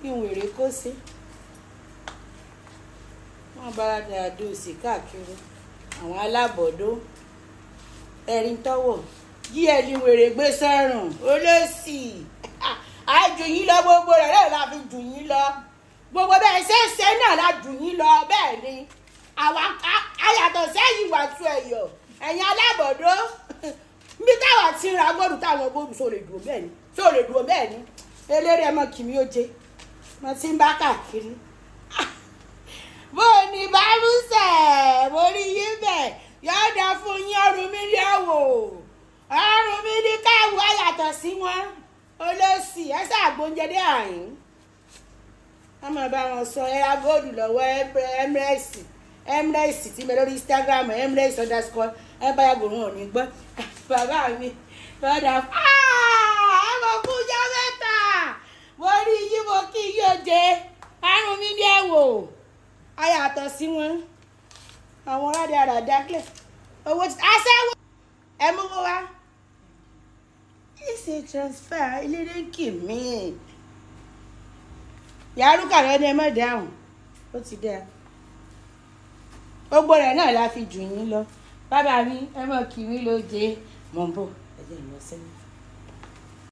kí n wèrè kó sí wọ́n bára dàdó sí káàkiri àwọn alábọ̀dó ẹ̀rín tọ́wọ̀ yí ẹni wèrè gbé sẹ́rùn olóòsì àjù yín lọ gbogbo rẹ̀ lẹ́yìn la fi jù yín lọ gbogbo bẹ́ẹ̀ ṣẹ́ṣẹ́ náà la jù yín lọ bẹ́ẹ̀ ni àwa àyàtọ̀ sẹ́yìn wà tu ẹ̀yọ̀ ẹ̀yin alábọ̀dó bí táwa ti ra góòlù táwọn góòlù sóò lè bẹ́ẹ̀ ni sóò lè bẹ́ẹ̀ ni eléré ẹ̀ mọ́ kìmí ó jẹ́ mo ti ń bá káàkiri bó o ní bámúsẹ̀ mo rí yín bẹ̀ yóò dá fún yín ọrùn mi ní ẹ̀wò ọrùn mi ní káwọ́ àyàtọ̀ sí wọn olóòsì ẹ ṣàgbóúnjẹdé àyín wọn máa bá wọn sọ ẹ ra góòlù lọ́wọ́ Emirates Emirates tí mo lórí Instagram Emirates underscore ẹ bá yàgò wọn ò ní gbọ́ bàbá mi lọ́dà fún. lọ sí wọn àwọn rádaràdá kẹ owó ti aṣẹ́wó ẹ mú wọn wá ìṣe transfer eléré kì mí yàrúkà rẹ ni ẹ má dáhùn ó ti dáa gbogbo rẹ náà la fi jù yín lọ bàbá mi ẹ mọ kì mí lóje mọ̀ ń bọ̀ ẹ jẹ́ ìlọsẹ́yìn.